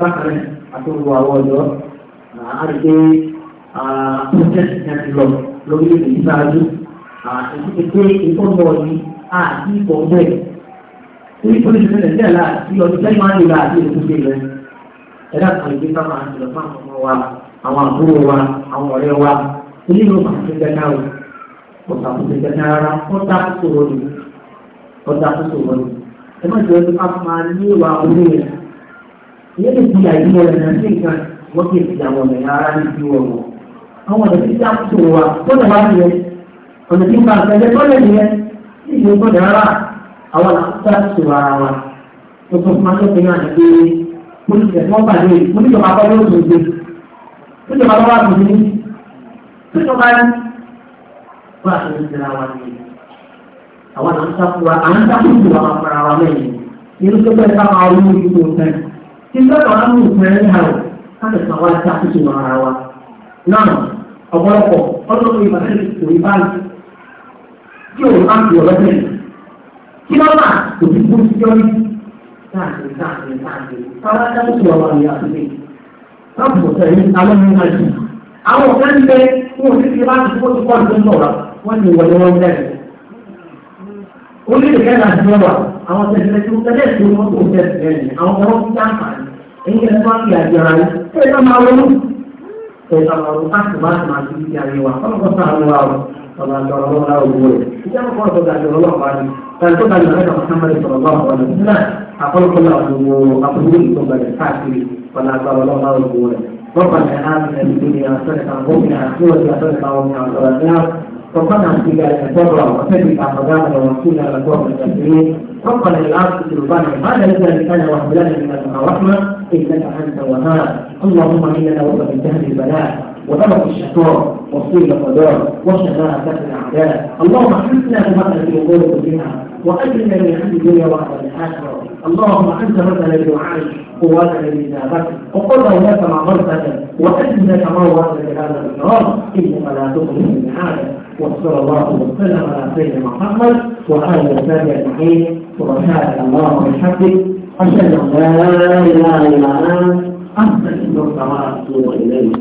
bákan àtúgbò àwọn ọ̀dọ́ àrígbé protest náà ti lọ lórílẹ̀-èdè ìsáájú àti pé ìfọ́nbọ̀ ni àti ìfọ̀ bẹ́ẹ̀. Ní polisi ní Nàìjíríà láà tí ọdún sẹ́yìn máa ń lè láti ètò ìgbé rẹ̀. Ẹ̀dá kan ìgbé ká máa ń lọ fún àwọn ọmọ wa, àwọn àbúrò wa, àwọn ọ̀rẹ́ wa. Ilé ìlú máa ń fi gẹ́gẹ́ náà kò fi gẹ́gẹ́ rárá. Wọ́n dá kókòrò ni. Wọ́n dá kókòrò ni. Ẹ má jẹ́ ọdún ìyẹn lè fi àìdíwọ̀ rẹ̀ náà sí nǹkan wọ́n kì í fi àwọn ọ̀nà ara ní ju ọ̀wọ̀. àwọn ọ̀nà tí sáà tó wà gbọ́dọ̀ wá ní yẹn ọ̀nà tí nǹkan àtẹ̀lẹ́ gbọ́dọ̀ ní yẹn tí ìlú gbọ́dọ̀ rárá àwọn àkókò tó ara wa. ó sọ fún akẹ́kọ̀ọ́ náà ní pé polisi ẹ̀fọ́ pàdé oníjọba bá yóò tó gbé oníjọba bá wà tòun ní oníjọba bá àtúntò ìlera wa ní àwọn àkókò àwọn àkókò tó wà wa mẹ́rin irú tó bẹ́ẹ̀ ká máa rú ipò náà ìgbàgbọ́ àwọn òkùnrin ní àrùn káàkiri kan wá sí àtúnṣe wọn ara wa lọ́nà ọ̀pọ̀lọpọ̀ ọlọ́run ìbàdàn òní báyìí tí òun bá ń fi ọ̀rọ̀ bẹ̀rẹ̀ kí ló máa kò sí kú sí ọ́rí káàkiri káàkiri káàkiri káwá dáhùn sí ọ̀rọ̀ àyè àtúnṣe láti bọ̀ sẹ́yìn alẹ́ ní àjù àwọn ọ̀gá ń bẹ wọn ò ní fi láti kó ti kọ́ ìdó sọ̀rọ̀ wọ́n ti wọlé wọn bẹ̀rẹ̀ onídìrí kẹ́ta ti wọ́n wà àwọn tẹ̀sílẹ̀ tí wọ́n èyí tẹ́ tó àti àjọra yìí ṣé ẹ máa ronú ṣe àwọn ọ̀rọ̀ káàkiri máa máa fi ti àyè wa kọ́nà kọ́ sáà lọ́wọ́ àwọn ọ̀nà àjọrọ̀ lọ́wọ́ láwọ̀ owó rẹ̀ ìjẹ́ àwọn kọ́nà tó ga àjọrọ̀ lọ́wọ́ wa ni tàbí tó ga àjọrọ̀ lọ́wọ́ sáà lọ́wọ́ sọ̀rọ̀ lọ́wọ́ wa ni náà àkọ́lùkọ́ láwọn owó àbúrò ìgbọ̀ngbẹ̀rẹ̀ káàkiri ọ̀nà àjọrọ̀ lọ́wọ́ láwọ̀ owó rẹ̀ ربنا آمنا بالدنيا حسنة وقنا عذاب النار وقنا عذاب النار ربنا اهدنا لنا وثبت أقدامنا وانصرنا على القوم الكافرين حقا للعرش في الظالم هذا لذلك كان وحبلنا منك الرحمه انك انت الوهاب اللهم انا نعوذ من جهل البلاء وطبق الشكوى وصيب القدر وشماتة الأعداء اللهم حسنا بمثل في أمور كلها وأجلنا من أهل الدنيا وأهل الآخرة اللهم أنت مثل الدعاء قوات الإجابة وقل هناك معبرة وأجرنا كما وعدت هذا الإكرام إنك لا تخلف المعاد وصلى الله وسلم على سيدنا محمد وآله وصحبه أجمعين سبحانك الله بحبك أشهد أن لا إله إلا أنت أستغفرك وأتوب إليك